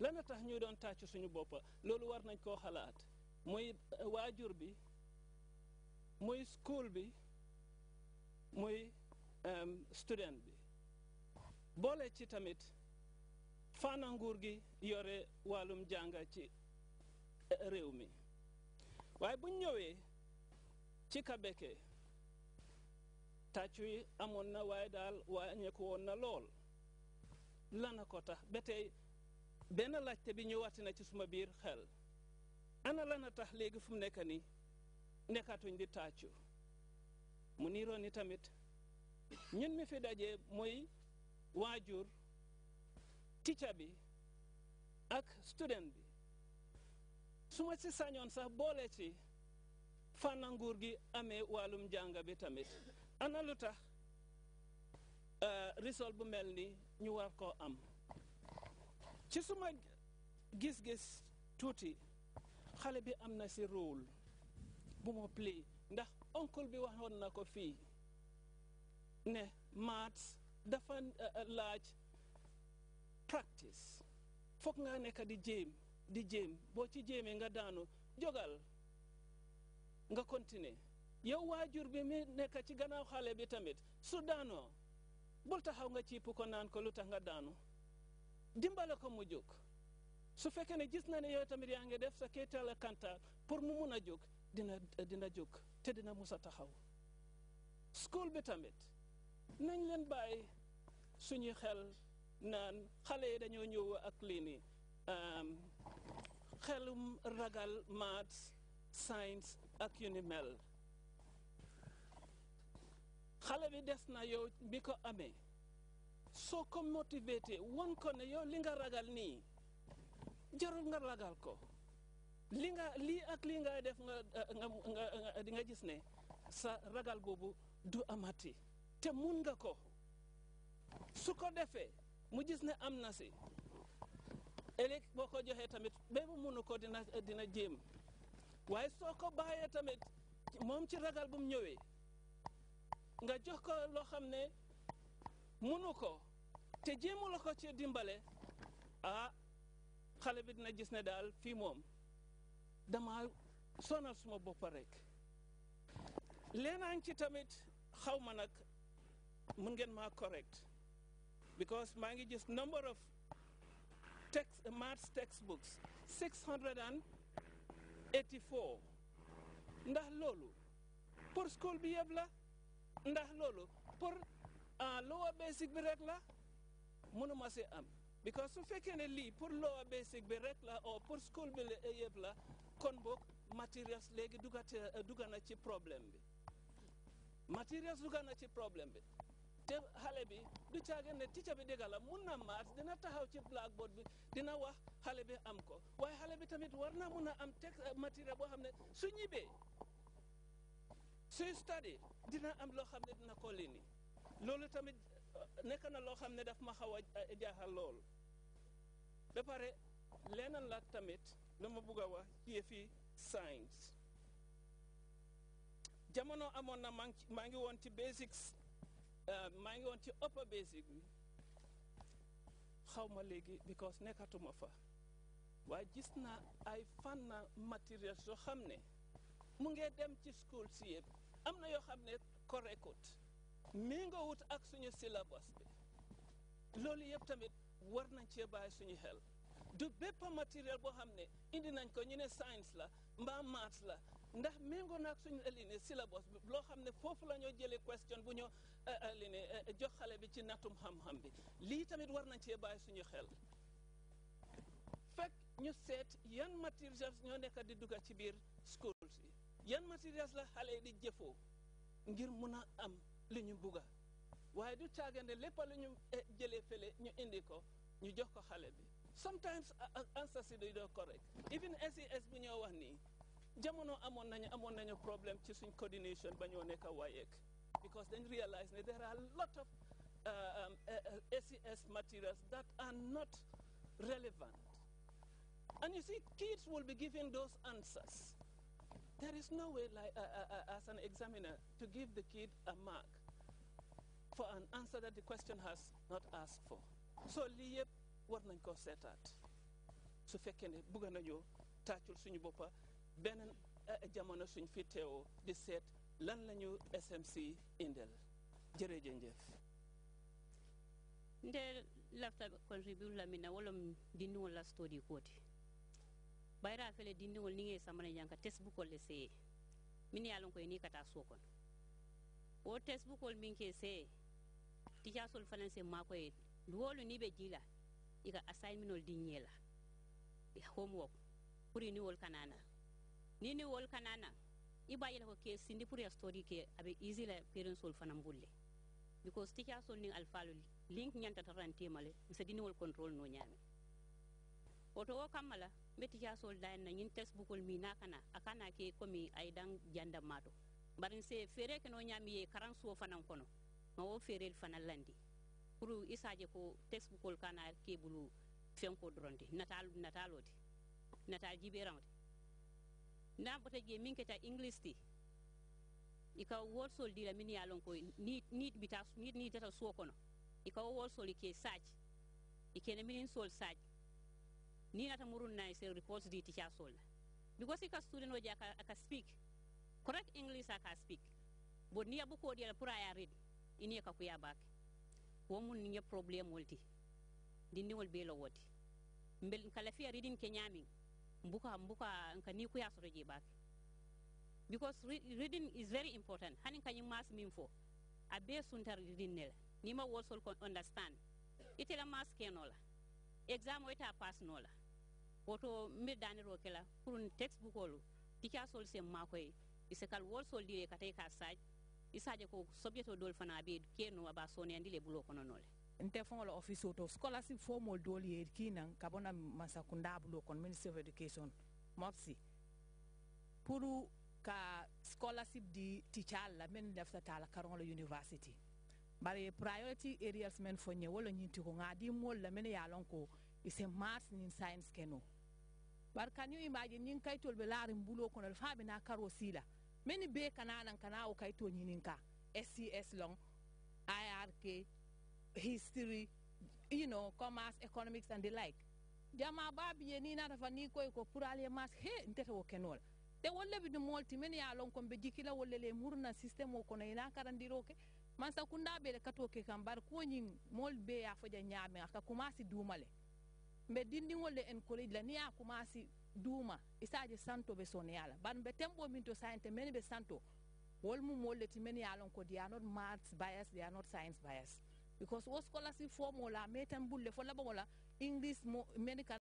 lan a tax ñuy doon tàcc suñu boppa loolu war nañ koo xalaat muy eh, waajur bi muy school bi muy student bi boole ci tamit faana nguur gi yore wàllum jànga ci eh, réew mi waaye buñ ñëwee ci Kabeke tàccu yi amoon na waaye daal wàññeeku woon na lool lana ko tax ba tey benn laajte bi ñëwaat na ci suma biir xel ana la na tax léegi fu mu nekk ni nekkaatuñ di tàccu mu niiroon ni tamit ñun mi fi daje mooy waajur ticca bi ak student bi su si sañoon sax boole ci fànna nguur gi amee wàllum jànga bi tamit ana lu tax euh, result bu mel ni ñu war koo am ci suma gis-gis tuuti xale bi am na si rôle bu mu play ndax oncle bi waxoon na ko fi ne maths dafa uh, uh, laaj practice foog nga nekk di jéem di jéem boo ci jéemee nga daanu jogal nga continuer yow waajur bi mi nekk ci gannaaw xale bi tamit su daanoo bul taxaw nga ciipu ko naan ko lu tax nga daanu dimbale ko mu jóg su fekkee ne gis na ne yow tamit yaa ngi def sa kéetal a kantaar pour mu mun a jóg dina dina jóg te dina mus a taxaw school bi tamit nañ leen bàyyi suñuy xel naan xale yi dañoo ñëw ak lii xelum ragal maths science ak yu ni mel xale bi des na yow bi ko amee soo ko motivété wan ko ne yow li nga ragal nii jarul nga ragal ko li nga lii ak lii ngay def nga nga di nga gis ne sa ragal boobu du amati te mun nga ko su ko defee mu gis ne am na si ëllëg boo ko joxee tamit ba mu munu ko dina dina jéem waaye soo ko bàyyee tamit moom ci ragal bu mu ñëwee nga jox ko loo xam ne munu ko te jéemu la ko ci dimbale ah xale bi dina gis ne daal fii moom dama sonal suma bopp rek leenaan ci tamit xaw ma nag mun ngeen maa correct because maa ngi gis number of text maths textbooks 684 ndax loolu pour school bi yëpp la ndax loolu pour ah lower basic bi rek la mënuma si am because su fekkee ne lii pour lower basic bi rek la o pour school bi eh, yëpp la kon boog materials léegi dugate eh, dugga na ci problème bi materials dugga na ci problème bi te xale bi du caagin ne teacher bi dégg la mun na maat dina taxaw ci blackboard bi dina wax xale bi am ko waaye xale bi tamit war naa mun a am texte eh, matériel boo xam ne su ñibbee suy study dina am loo xam ne dina ko lini loolu tamit euh, nekk na loo xam ne daf ma xaw a euh, jaaxal lool ba pare leneen la tamit lu ma bugg a wax ci yëfi science jamono amoon na maa ngi woon ci basics euh, maa ngi woon ci upper basic bi xaw ma léegi because nekkatuma fa waaye gis na ay fànn matériels yoo xam ne mu ngi dem ci school si am na yoo xam ne correct mii wut ak suñu syllabus bi loolu yëpp tamit war nañ cee bàyyi suñu xel du bépp matériel boo xam ne indi nañ ko ñu ne science la mbaa maths la ndax méngoo naag suñu aline syllabus bi loo xam ne foofu la ñoo jëlee question bu ñu euh, aline euh, jox xale bi ci nattum xam-xam bi lii tamit war nañ cee bàyyi suñu xel fekk ñu seet yan matériels ñoo nekk di dugga ci biir schools yi yan matériels la xale yi di jëfoo ngir mun a am lu ñu bugga du caagande léppa lu ñu fële ñu indi ko ñu jox ko xale bi sometimes answer si do correct even SES bu ñoo wax nii jamono have nañu problem, nañu coordination, ci suñ coordination ba ñoo nekk waayeek because then realize that there are a lot of SES uh, um, uh, uh, materials that are not relevant and you see kids will be given those answers there is no way like as an examiner to give the kid a mark for an answer that the question has not asked for so lii yëpp war nañ koo seetaat su fekkee ne bugg nañoo taacul suñu boppa beneen eh, jamono suñ fi teewoo di seet lan lañu SMC indel Jere jërëjëf nde lafta contribute la mina wolom dindiŋol la study koti bayira a fele dindiŋol niŋ ye samana janka textbookol le seye min ye a loŋ ko ye niŋ ka taa suo ke seye sol fana se mako ye duwolu ni be ji la i e ka assignmentol di ɲɛ la e, homework pour ni wol kana na ni ni wol kana na i e b'a yɛlɛ ko ke sindi pour ya story ke a be easy la sol fana bulle because sol ni alfalol link nyanta ñantataran temale misa wol control no ñaame oto wo kamala la mbe sol da na nyin ñin textbookol mi na kana akana ke komi ay dang janda mato barin se fere ke no ñaami ye karan suwo fanan kono ma wo fana landi pour isaje ko textbookol kana kebulu fenko doronte natal nataloti natal jiberawte na bota je min keta english ti ika wolsol dila min ya lon ko ni ni bita ni ni data so kono ika wolsol ke saj ike ne min sol saj ni nata murun na se reports di teacher sol because ka student oja aka, aka speak correct english aka speak but ni abuko dila pura ya read ini ka kuya bak wo mun ni problem wolti dindiŋol be lo woti mbel nka lafiya ridin ke ñaamin mbuka mbuka nka ni kuya soto je baake because reading is very important hani kañum mas min fo a bee suntar ridin ne la ni ma wolsol ko understand ite la mas no la exam wo ta pass no la woto mbir ro ke la pour textbook olu ticasol sem koy isekal kal sol dire ka tay ka saaj isaje ko sobiyeto dol fana be keno aba sooneyandi le bulo kono noole nte la office to scolarship fo mool dool ye kinan ka bona masakunda bulo kono ministry of education mopsi pour ka scholarship di ticaal la men lefta tala la university bari priority areas men fo nye wala ñinti ko ŋaa di mol la men ye lon ko ise mars niŋ science keno bari kan you imagine ñiŋ kaytol be laariŋ bulo kono le faa be naa karo sii la meni be kana nan kana o kai to ɲininka scs long irk history you know commerce economics and the like jama babi biye ni na tafa ni koy ko pour aller mas he ntete wo kenol te wolle bi dum molti men ya lon ko be jikila wolle le murna system o kono ina karandiro ke man sa kunda be le katoke ke kan bar ko nyin mol be ya faja nyaame aka kuma si dumale mbe dindiŋol le en collège la ni ye a commence duuma isa je santo be soneya la bari mbe tembo min to sayinte meni be santo wol mu moolu le ti meni ye a lon ko they are not maths bias diya are not science bias because wo scolarship fo mo la a metan bulle fo labaŋo la english mo meni ka